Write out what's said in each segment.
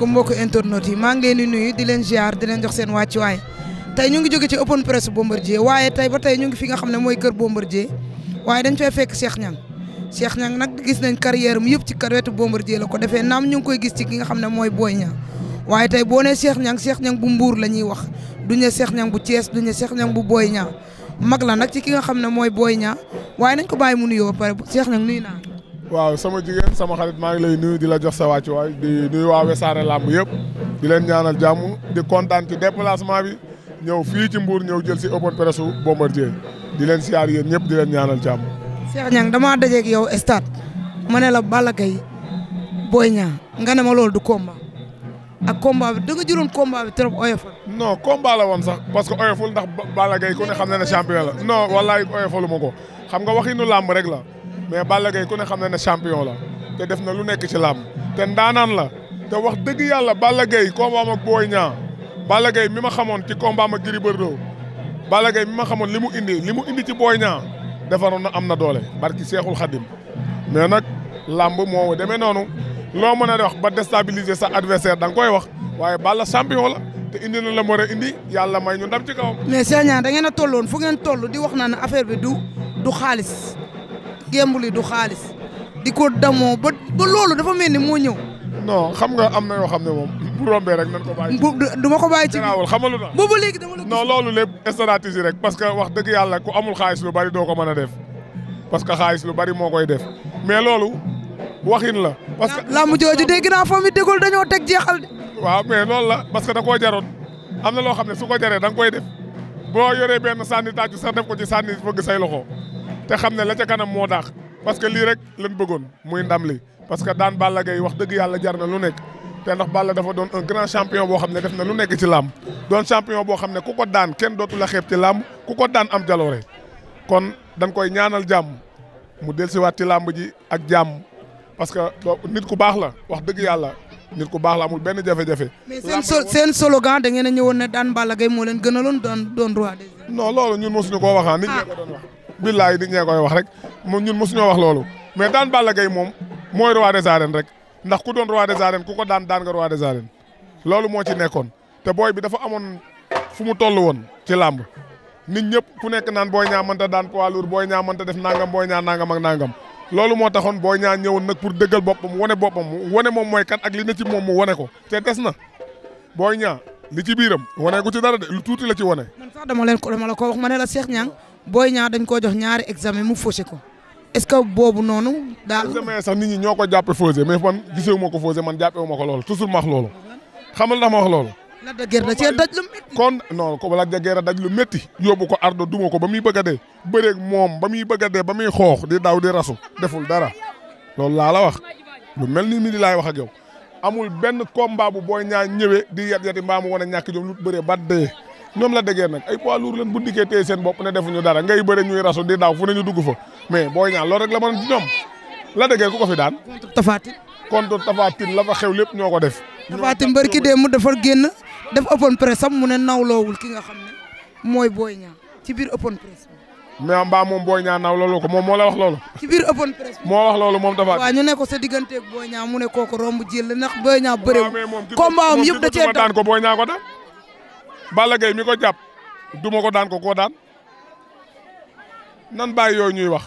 asalaamaaleykum mbokki internautes yi maa ngi leen di nuyu di leen ziar di leen jox seen wàccuwaay tey ñu ngi jóge ci open press Bombardier waaye tey ba tey ñu ngi fi nga xam ne mooy kër Bombardier waaye dañ fay fekk Cheikh Niang Cheikh Niang nag gis nañ carrière am yëpp ci wetu Bombardier la ko defee naam ñu ngi koy gis ci ki nga xam ne mooy booy ñaa waaye tey boo nee Cheikh Niang Cheikh Niang bu Mbour la ñuy wax du ñu Cheikh ñan bu cees du ñu seex ñan bu booy ñaa mag la nag ci ki nga xam ne mooy booy Niang waaye nañ ko bàyyi mu nuyoo ba pare Cheikh Niang nuyu naa waaw sama jigéen sama xarit maa ngi lay nuyu di la jox sa wàccuwaay di nuyu waa Wassare Lamb yëpp di leen ñaanal jàmm di kontaan ci déplacement bi ñëw fii ci mbuur ñëw jël si open presse Bombardier di leen siyaar yéen ñëpp di leen ñaanal jàmm. Cheikh Niang damaa dajeeg yow stade ma ne la Balla Gaye Boy Niang nga ne ma loolu du combat ak combat bi da nga jëloon combat bi trop oyofal. non combat woon sax parce que oyoful ndax Balla Gaye ku ne xam na ne champion la non wallaay oyofalu ma ko xam nga waxinu làmb rek la. mais Balla Gaye ku ne xam na ne champion la te def na lu nekk ci làmb te ndaanaan la te wax dëgg yàlla Balla Gaye combat ak Boy Niang Balla Gaye mi ma xamoon ci combat ak Gris Bordeaux Balla Gaye mi ma xamoon li mu indi li mu indi ci Boy Niang defaroon na am na doole barki Seexul Xadim mais nag lamb moo demee noonu loo mën a wax ba déstabiliser sa adversaire da koy wax waaye Balla champion la te indi na la mu indi yàlla may ñu ndam ci kawam. mais Seye da ngeen a tolloon fu ngeen toll di wax naan affaire bi du du xaalis. gémb li du xaalis di ko damoo ba loolu dafa mel ni moo ñëw. non xam nga am na yoo xam ne moom bu rombee rek nan ko bàyyi. bu du ma ko bàyyi ci garaawul xamalu na. boobu léegi dama la non loolu lépp stratégie rek parce que wax dëgg yàlla ku amul xaalis lu bari doo ko mën a def parce que xaalis lu bari moo koy def mais loolu waxin la. parce que làmb jooju dégg naa famille dégul dañoo teg jeexal. waaw mais loolu la parce que da koo jaroon am na loo xam ne su ko jaree da nga koy def boo yoree benn sànni tàccu sax def ko ci sànni fëgg say te xam ne la ca kanam moo daax parce que lii rek lañ bëggoon muy ndam li parce que daan Balla Gaye wax dëgg yàlla jar na lu nekk te ndax Balla dafa doon un grand champion boo xam ne def na lu nekk ci làmb doon champion boo xam ne ku ko daan kenn dootu a xeeb ci làmb ku ko daan am jaloore kon dañ koy ñaanal jàmm mu dellusiwaat ci làmb ji ak jàmm parce que nit ku baax la wax dëgg yàlla nit ku baax la amul benn jafe-jafe. mais seen seen slogan da ngeen a ñëwoon ne daan Balla Gaye moo leen gënaloon doon doon roi des. non loolu ñun mosuñu koo waxaan ah, nit ñi ah. billaay di ñee koy wax rek moom ñun mosuñoo wax loolu mais daan Balla Gaye moom mooy roi des arènes rek ndax ku doon roi des arènes ku ko daan daan nga roi des loolu moo ci nekkoon te booy bi dafa amoon fu mu toll woon ci làmb nit ñëpp ku nekk naan booy ñaa mënta daan poids lourd booy ñaa mënta def nangam booy ñaa nangam ak nangam loolu moo taxoon booy ñaa ñëwoon nag pour dëggal boppam wane boppam wane moom mooy kat ak li ne moom mu wane ko te na booy ñaa li ci biiram wane gu ci dara tuuti la ci wane. man sax dama leen ko dama la booy Niang dañ koo jox ñaari examen mu faussé ko est-ce que boobu noonu. daal examen sax nit ñi ñoo ko jàppee faussé mais man gisee wu ma ko faussé man jàppee wu ma ko loolu toujours ma wax loolu. xamal ma wax lool Lac de Guiers da cee daj lu métti. kon non ko Lac daj lu métti. yóbbu ko ardo duma ko ba muy bëgg a dee moom ba muy bëgg a ba muy xoox di daw di rasu deful dara loolu laa la wax lu mel ni mi di laay wax ak yow amul benn combat bu booy Niang ñëwee di yat yati mbaa mu wane ñàkk jom lu bëree ba dee ñoom la déggee nag ay poids lourd lañ bu dikkee téye seen bopp ne defuñu dara ngay bëre ñuy rasu di daaw fu ne ñu dugg fa mais booy ñaan loolu rek la mën ci ñoom la déggee ku ko fi daan. contre Tafatin. contre la fa xew lépp ñoo ko def. Tafatin ki dee mu dafa génn def open press am mu ne nawloowul ki nga xam ne mooy booy ñaan ci biir open press. mais mbaa moom booy ñaan naw ko moom moo la wax loolu. ci biir open press. moo wax loolu moom Tafatin. ñu ne ko sa digganteeg booy ñaan mu ah, moom kii bi moom kii ko booy ñaan ko daan Balla Gaye mi ko jàpp duma ko daan ko koo daan nan bàyyi yooy ñuy wax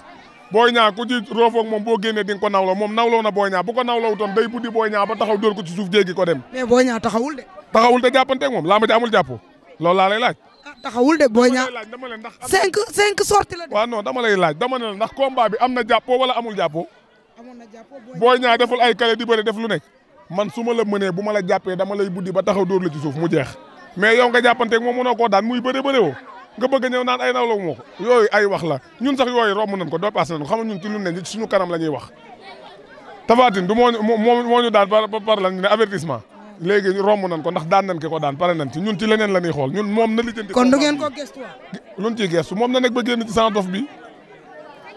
Boy Niang ku ci roofoog moom boo génnee di ko nawloo moom nawloo na Boy Niang bu ko nawloo wutoon day buddi Boy Niang ba taxaw dóor ko ci suuf jéggi ko dem. mais Boy Niang taxawul de. taxawul de jàppanteeg moom laa ma ci amul jàppoo laa lay laaj. Ah, taxawul de Boy Niang laaj dama lay ndax. cinq cinq sorties la de. waaw dama lay laaj dama ne la ndax combat bi am na jàppoo wala amul jàppoo. amoon na jàppoo Boy Niang deful ay kale di bëri def lu nekk man su ma la mënee bu ma la jàppee dama lay buddi ba taxaw dóor la ci suuf mu jeex mais yow nga jàppanteeg moom mënoo ko daan muy bëre bëre woo nga bëgg a ñëw naan ay nawlaw moo ko yooyu ay wax la ñun sax yooyu romb nañ ko doo passé nañ ko xam ñun ci lu ne ci suñu kanam la ñuy wax tafatin du moo moo ñu daan par lan ñu ne avertissement léegi romb nañ ko ndax daan nañ ki ko daan pare nañ ci ñun ci leneen la ñuy xool ñun moom na lijjanti kon du ngeen ko gëstu luñ ciy gëstu moom na nekk ba génn ci sama dof bi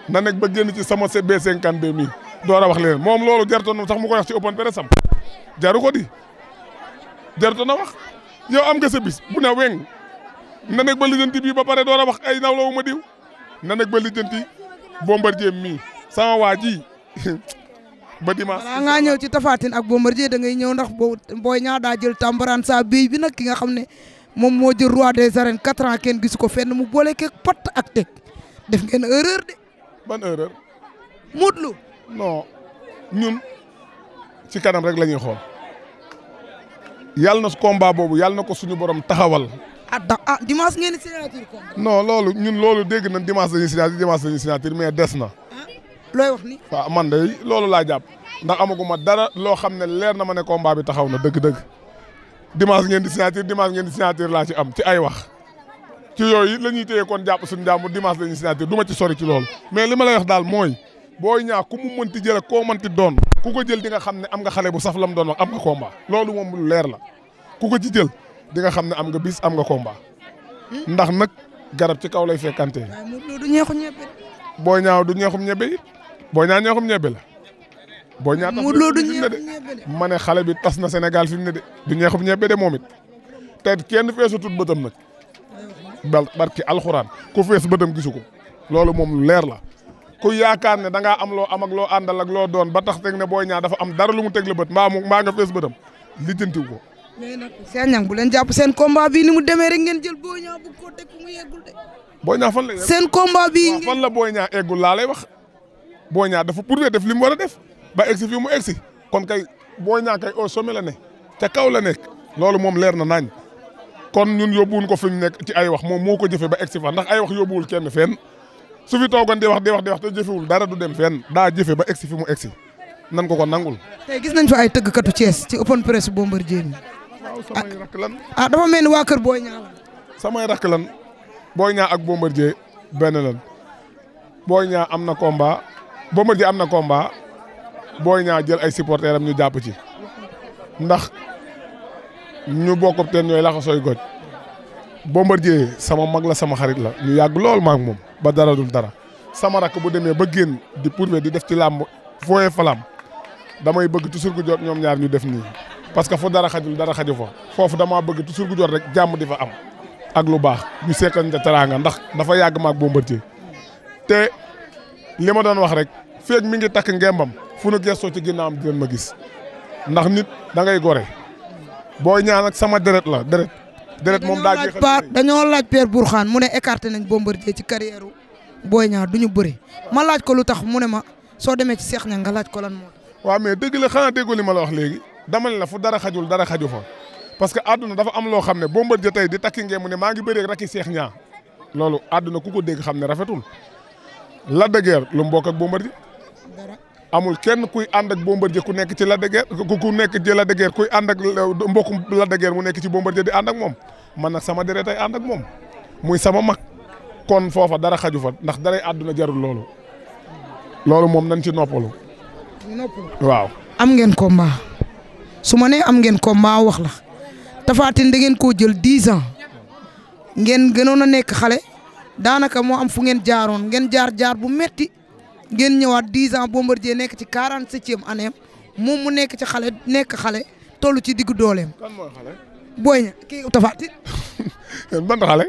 na nekk ba génn ci sama B52 mi door a wax leneen moom loolu jartoon na sax mu koy wax ci jaru ko di jartoon na yow am nga sa bis bu ne weng na nag ba lijjanti bii ba pare doo a wax ay nawlawu ma diw na nag ba lijjanti Bombardier mii sama waa ji ba dimanche. balaa ngaa ñëw ci tafaatin ak Bombardier da ngay ñëw ndax boo booy ñaa daa jël tambaraan saa bii bi nag ki nga xam ne moom moo jël roi des arènes quatre ans kenn gisu ko fenn mu boole keeg pat ak teg def ngeen erreur de. ban erreur. Modou Lo. non ñun ci kanam rek la ñuy xool. yàlla na combat boobu yàlla na ko suñu borom taxawal. ah da ah dimanche ngeen di signature combat. loolu ñun loolu dégg nañ dimanche dañuy signature dimanche dañuy signature mais des na. Ah, looy wax ni. waaw ah, man de loolu laa jàpp ndax amaguma dara loo xam ne leer na ma ne combat bi taxaw na dëgg-dëgg dimanche ngeen di signature dimanche ngeen di signature laa ci am ci ay wax. ci yooyu la ñuy téye kon jàpp suñu jàmm dimanche la ñuy duma du ci sori ci loolu mais li ma la wax daal mooy booy ñaa ku mu mënti jëlee koo mënti doon. ku ko jël di nga xam ne am nga xale bu saf lam doon wax am nga combat loolu moom lu leer la ku ko ci jël di nga xam ne am nga bis am nga combat ndax nag garab ci kaw lay fekkante. du ñeexum ñebe. boo ñaaw du ñeexum ñebe it boo ñaaw ñeexum ñebe la. boo ñaaw tax ma ne xale bi tas na Sénégal fi mu ne de du ñeexum ñebe de moom it te kenn feesutut bëtam nag. bal barki alxuraan ku fees bëtam gisu ko loolu moom leer la. ku yaakaar ne da ngaa am loo am ak loo àndal ak loo doon ba tax teg ne Boy Niang dafa am dara lu mu teg la bët mbaa mu mbaa nga fees bëtam lijjantiw ko. mais nag Cheikh leen jàpp seen combat bii ni mu demee rek ngeen jël boo Niang bu ko teg ku mu yeggul de. Boy Niang fan la seen combat bii. fan la Boy Niang eggul laa lay wax. Boy Niang dafa prouvé def li mu war a def ba egsi fii mu egsi kon kay boo Niang kay au sommet la ne ca kaw la nekk loolu moom leer na nañ kon ñun yóbbuwuñ ko fi mu nekk ci ay wax moom moo ko jëfe ba egsi fa ndax ay wax yóbbuwul kenn fenn su fi toogoon di wax di wax di wax te jëfewul dara du dem fenn daa jëfe ba egsi fi mu egsi nan ko ko nangul. tey gis nañ fa ay tëgg tëggkatu Thiès ci open press Bombardier ni waaw samay rakk lan. Ah, ah dafa mel ni waa kër Boy Niang samay rakk lan Boy Niang ak Bombardier benn lan Boy Niang am na combat Bombardier am na komba Boy Niang jël ay supporteurs am ñu jàpp ci ndax ñu bokk teen ñooy laxasooy goj Bombardier sama mag la sama xarit la ñu yàgg lool maak moom ba dara dul dara sama rakk bu demee ba génn di pourve di def ci làmb fooyee fa làmb damay bëgg toujours gu jot ñoom ñaar ñu def nii parce que fu dara xajul dara xaju fa foofu damaa bëgg toujours gu jot rek jàmm di fa am ak lu baax ñu seetlante teraanga ndax dafa yàgg maak Bombardier te li ma doon wax rek feeg mi ngi takk ngembam fu nu gestoo ci am di leen ma gis ndax nit da ngay gore boo ñaan sama deret la deret deret moom daa jeexal laaj dañoo laaj Père Bourkhane mu ne écarté nañ Bombardier ci carrière Boy Niang du ñu bëri ma laaj ko lu tax mu ne ma soo demee ci Seex Ñaŋ nga laaj ko lan moo tax. waaw mais dëgg la xanaa déggoo li ma la wax léegi dama ne la fu dara xajul dara xaju fa parce que àdduna dafa am loo xam ne Bombardier tey di takki ngeen mu ne maa ngi bëree rakki Seex Ñaŋ loolu àdduna ku ko dégg xam ne rafetul la de Guiers lu mu bokk ak Bombardier amul kenn kuy ànd ak Bombardier ku nekk ci la de Guiers ku nekk ci Lac kuy ànd ak euh, mbokkum Lac de Guiers mu nekk ci Bombardier di ànd ak moom man nag sama deret ay ànd ak moom muy sama mag kon foofa dara xaju fa ndax daray àdduna jarul loolu loolu moom nañ ci noppalu. noppalu waaw. am ngeen combat su ma nee am ngeen combat wax la Tapha Tine da ngeen koo jël dix ans ngeen gënoon a nekk xale daanaka moo am fu ngeen jaaroon ngeen jaar jaar bu metti ngeen ñëwaat 10 ans Bombardier nekk ci 47e année moom mu nekk ci xale nekk xale toll ci diggu dooleem. kan mooy xale. booy ña kii Tafatin. ban xale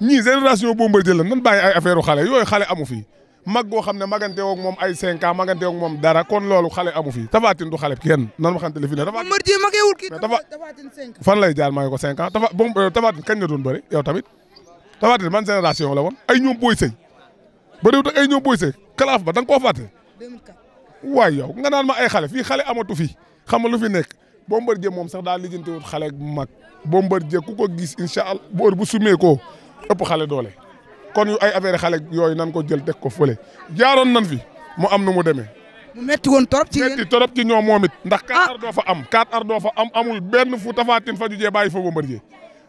ñii génération Bombardier la nan bàyyi ay affaire xale yooyu xale amu fi mag goo xam ne magante woog moom ay 5 ans magante moom dara kon loolu xale amu fi Tafatin du xale kenn nan waxante li fi ne. Bombardier mageewul kii Tafatin ko 5 ans Tafa euh, Tafatin kañ la doon bëri tamit Tafatin ban génération la woon ay ñoom booy sëy bëriwut ak ay ñëw Boy Seye kalaaf ba da nga koo fàtte. waay yow nga naan ma ay xale fii xale amatu fi xam nga lu fi nekk Bombardier moom sax daal lijjantiwut xale mag Bombardier ku ko gis incha allah boor bu sumee koo ëpp xale doole. kon ay affaire xale yooyu nan ko jël teg ko fële jaaroon nan fi mu am nu mu demee. mu metti woon torop ci yéen ci ñoom moom it ndax. ah 4 ar doo fa am 4 ar doo fa am amul benn fu tafaatin faju jee bàyyi fa Bombardier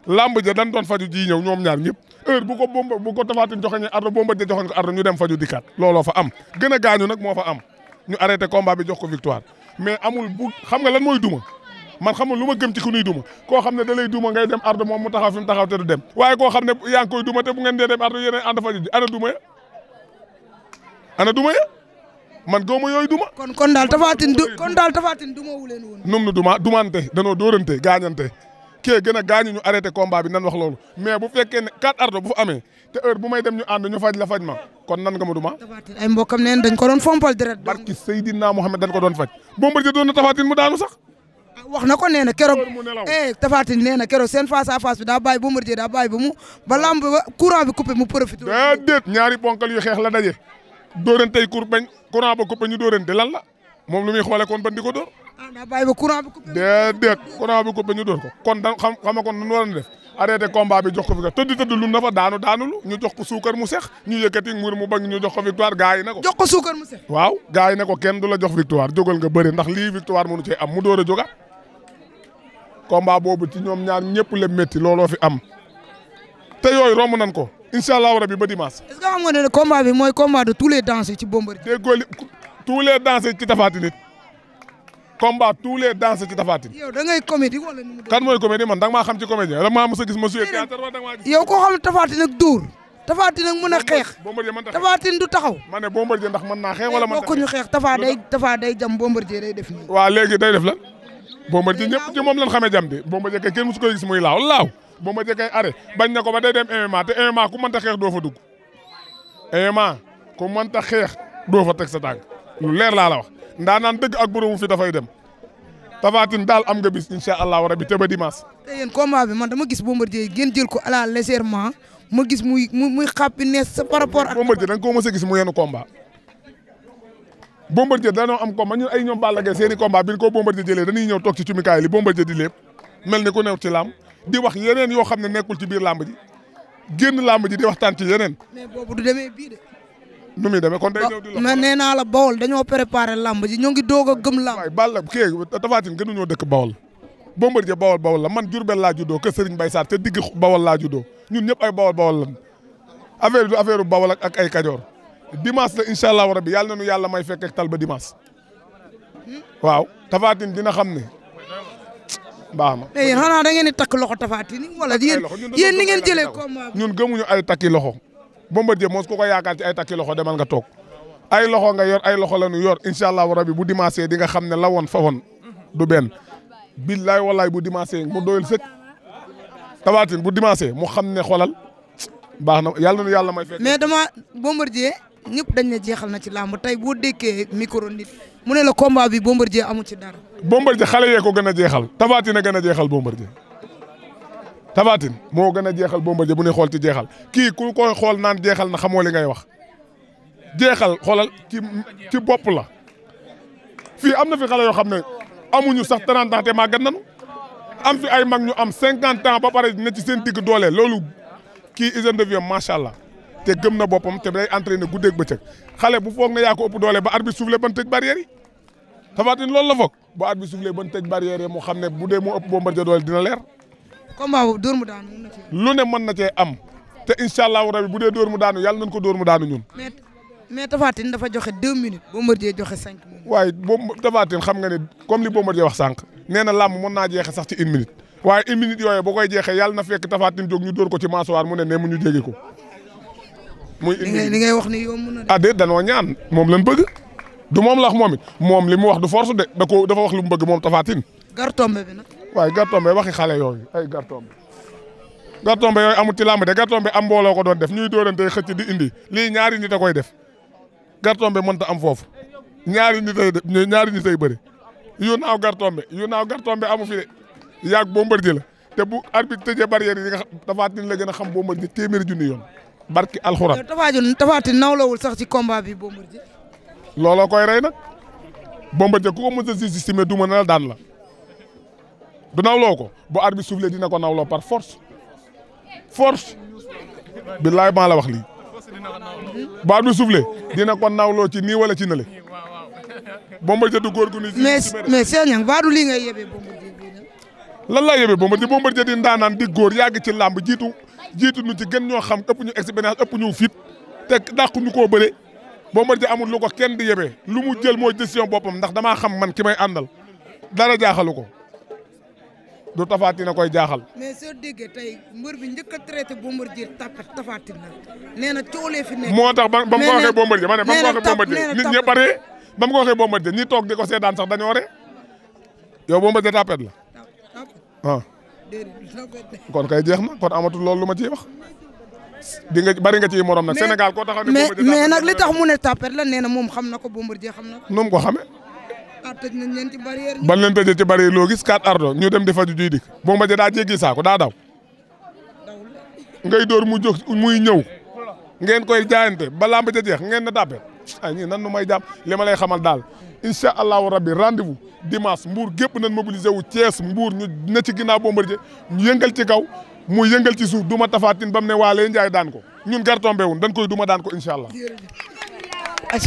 lamb ja dañ doon faju ji ñëw ñoom ñaar ñëpp heure bu ko bomba bu ko tafaatin joxoñe ardo bomba de joxoñ ko ardo ñu dem faju dikkaat looloo fa am gën a gaañu moo fa am ñu arrêté combat bi jox ko victoire mais amul bu xam nga lan mooy duma man xam nga lu ma gëm ci ku ñuy duma koo xam ne da lay duma ngay dem ardo moom mu taxaw fi mu taxaw te du dem waaye ne yaa ngi koy duma te bu ngeen dee dem ardo man góob ma yooyu duma. kon kon daal tafaatin du kon daal tafaatin duma wu leen woon. num nu duma dumante danoo dóorante gaañante kee gën gaañu ñu arrêté combat bi nan wax loolu mais bu fekkee ne quatre ardo bu fa amee te heure bu may dem ñu ànd ñu faj la faj ma kon nan nga ma duma ay mbokam neen dañ ko doon deret barki Seydina Mohamed dañ ko doon faj Bombardier doon na tafaatin mu daanu sax ah, wax na ko nee keroog eh tafaatin nee keroog seen face à bi daa bàyyi Bombardier daa bàyyi ba mu ba lamb ba bi coupé mu profité déet ñaari bonkal yu xeex la daje dóorante lu muy xoole kon ban daa bàyyi ba courant bi coupé. déedéet courant bi coupé ñu dóor ko kon da xam xam kon nu waroon def arrêté combat bi jox ko fi ka tëdd tëdd lu na daanu daanu ñu jox ko suukar mu sex ñu yëkkati nguur mu bañ ñu jox ko victoire gars yi ne ko. jox ko suukar mu sex. waaw gars yi ne ko kenn du la jox victoire jógal nga bëri ndax lii victoire mënu cee am mu door a jógaat boobu ci ñoom ñaar ñëpp la métti looloo fi am te yooyu romb nañ ko incha allah rabi ba dimanche. est ce que xam nga ne mooy combat de les danseurs ci Bombardier. déggoo li tous les ci Tapha Tine combat tous les danses ci Tapha Tine. yow da ngay comédie wala nu mu. kan mooy comédie man da nga maa xam ci comédien da nga maa mës a gis ma suyee théâtre wala da nga maa gis. a xeex Tapha du taxaw ma ne Bombardier ndax mën naa xeex wala mën bokkuñu xeex Tapha day Tapha day jam Bombardier day def nii waaw léegi day def lan Bombardier ñëpp ci moom lañ xamee jam di Bombardier kay kenn musu koy gis muy laaw laaw Bombardier kay arrêt bañ na ko ba day dem MMA te MMA ku mënta xeex xeex doo fa teg sa tànk lu leer la wax ndaanaan dëgg ak boromu fi dafay dem tafaatin daal am nga bis incha allahu rabi te ba dimanche. te eh, yéen combat bi man dama gis Bombardier ngeen jël ko à la légèrement ma gis muy muy xàppi nees sa par rapport ak. Bombardier da nga ko mos a gis mu yenu combat. Bombardier danoo am combat ñun ay ñoom Balla Gaye seen i combat ko ñu ko Bombardier jëlee dañuy ñëw toog ci cumikaay li Bombardier di lépp mel ni ku new ci làmb di wax yeneen yoo xam ne nekkul ci biir làmb ji génn làmb ji di waxtaan ci yeneen. mais boobu du demee bii nu muy demee kon day ñëw di la mais nee naa la Bawol dañoo préparé lamb ji ñoo doog a gëm lamb. waay Balla kii Tapha Tine gënuñoo dëkk Bawol Bombardier Bawol Bawol la man jur laa juddoo kër Serigne bay Sarr te digg Bawol laa juddoo ñun ñëpp ay Bawol Bawol lan affaire du affaire Bawol ak ay Kajoor dimanche la incha allahu rabi yàlla nañu yàlla may fekk ak tal ba dimanche waaw Tapha dina xam ne baax na. mais eh, da ngeen di takk loxo Tapha Tine wala yéen yéen ni ngeen jëlee combat ñun gëmuñu ay takki loxo Bombardier moos ku ko ko yaakaar ci ay takki loxo demal nga toog ay loxo nga yor ay loxo la nu yor incha wa rabi bu dimanche di nga xam ne la woon fa woon du benn billaay walaay bu dimanche mu doyul sëkk tabaatin bu dimanche mu xam ne xolal baax na yàlla na yàlla may fekk. mais dama jee ñëpp dañ ne jeexal na ci làmb tey boo dékkee micro nit mu ne la combat bi Bombardier amu ci dara. Bombardier xale yee ko gën a jeexal tabaatin a gën a jeexal Bombardier Tafatine moo gën a jeexal Bombardier bu ne xool ci jeexal kii ku koy xool naan jeexal na xamoo li ngay wax jeexal xoolal ci ci bopp la fii am na fi xale yoo xam ne amuñu sax 30 ans te màggat nañu am fi ay mag ñu am 50 ans ba pare ne ci seen digg doole loolu kii hygiène de vie macha allah te gëm na boppam te day entraîné guddeeg bëccëg xale bu foog na yaa ko ëpp doole ba arbitre soufflé ban tëj barrière yi Tafatine loolu la foog ba arbitre soufflé ban tëj barrière yi mu xam ne bu dee mu ëpp Bombardier doole dina leer. combat boobu dóor mu daanu lu ne mën na cee am te incha allahu rabi bu dee dóor mu daanu yàlla nañ ko door mu daanu ñun. mais mais Tapha Tine dafa joxe deux minutes. Bombardier joxe cinq minutes. waaye boobu Tapha xam nga ne comme li Bombardier wax sànq nee na làmb mën naa jeexe sax ci une minute waaye une minute yooyu boo koy jeexee yàlla na fekk Tapha Tine jóg ñu dóor ko ci maasowaar mu ne ne mu ñu jéggi ko. muy une minute li ngay wax ni yomb na de. ah déet danoo ñaan moom lañ bëgg du moom la wax moom it moom li mu wax du force de da ko dafa wax lu mu bëgg moom Tapha Tine. gar tombe bi nag. waaye gartombe waxi xale yooyu ay gartombe gartombe yooyu amul ci làmb de gartombe am mbooloo ko doon def ñuy dóorante xëcc di indi lii ñaari nit a koy def gartombe mënta am foofu ñaari nit ay ñaari nit ay bëri yu naaw gartombe yu naaw gartombe amu fi de yàgg Bombardier la te bu arbitre tëjee barrière yi nga xam Tapha Tine la gën a xam Bombardier téeméeri junni yoon barki alxuraan. Tapha Tine nawlawul sax ci combat bi Bombardier. looloo koy rey nag Bombardier ku ko mën a si du ma ne daan la. du nawloo ko bu arbitre soufflé dina ko nawloo par force force billaay maa la wax lii baa arbitre soufflé dina ko nawloo ci nii wala ci nële Bombardier du góor gu ni. mais mais Cheikh Niang baadu lii ngay yebee Bombardier bii nag. lan laa yebee Bombardier di ndaanaan di góor yàgg ci làmb jiitu jiitu ñu ci gën ñoo xam ëpp ñu expérience ëpp ñu fit te dàqu ñu koo bëre Bombardier amul lu ko kenn di yebee lu mu jël moo décision boppam ndax damaa xam man ki may àndal dara jaaxalu ko. du tafaatina koy jaaxal. mais soo tey mbër bi njëkk a traité Bombardier tapet tafaatina nee na coolee fi nekk. moo tax ba ba mu ko ne ba mu ko waxee Bombardier nit ñëpp a ree ba ko waxee Bombardier ñi toog di ko seetaan sax dañoo ree yow Bombardier tapet la ah. kon kay jeex na kon amatul loolu lu ma ciy wax. di nga bari nga ciy morom koo taxaw ne Bombardier mu ne tapet la nee na moom xam na ko jee xam na ko. nu mu ko xamee. tëj nañ leen ci barrière ban leen loo gis quatre ardo ñu dem di faju juy dikk boo ma ja daa jéggi saako daa daw ngay dóor mu jóg muy ñëw ngeen koy jaayante ba lamb ja jeex ngeen na dàppe ay ñii nan nu may jàpp li ma lay xamal daal incha allahu rabbi rendez-vous dimanche mbuur gépp nañ mobilisé wu Thiès mbuur ñu ne ci ginnaaw Bombardier ñu yëngal ci kaw mu yëngal ci suuf duma tafaatin ba mu ne waa lay njaay daan ko ñun gar tombé wun dañ koy duma daan ko incha allah.